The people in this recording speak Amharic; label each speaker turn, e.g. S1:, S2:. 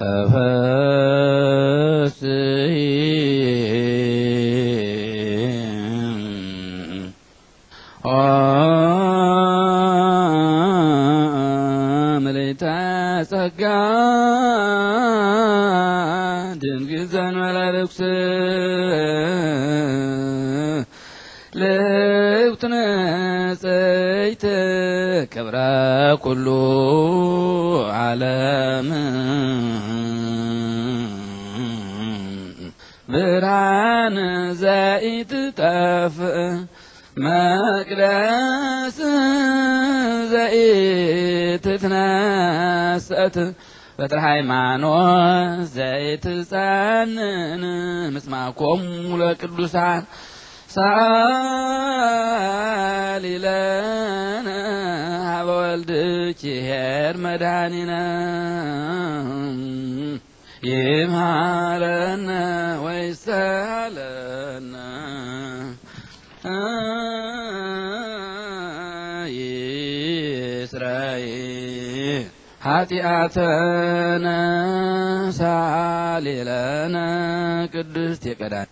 S1: ተፈስሂ ምልዕተ ጸጋ ድንግል ዘእንበለ ርኩስ ልብትነ ጸይተ ክብረ ኩሉ ዓለም ብርሃን ዘይትጠፍእ መቅደስ ዘይትትነሰት በጥር ሃይማኖት ዘይትጸንን ምስማኮሙ ለቅዱሳን ሳሊ ለነ ሀበ ወልድኪ ኄር መድኃኒነ ይማረን ወይሰለን ይስራኤል ኃጢአተነ ሳሌለነ ቅድስት የቀዳን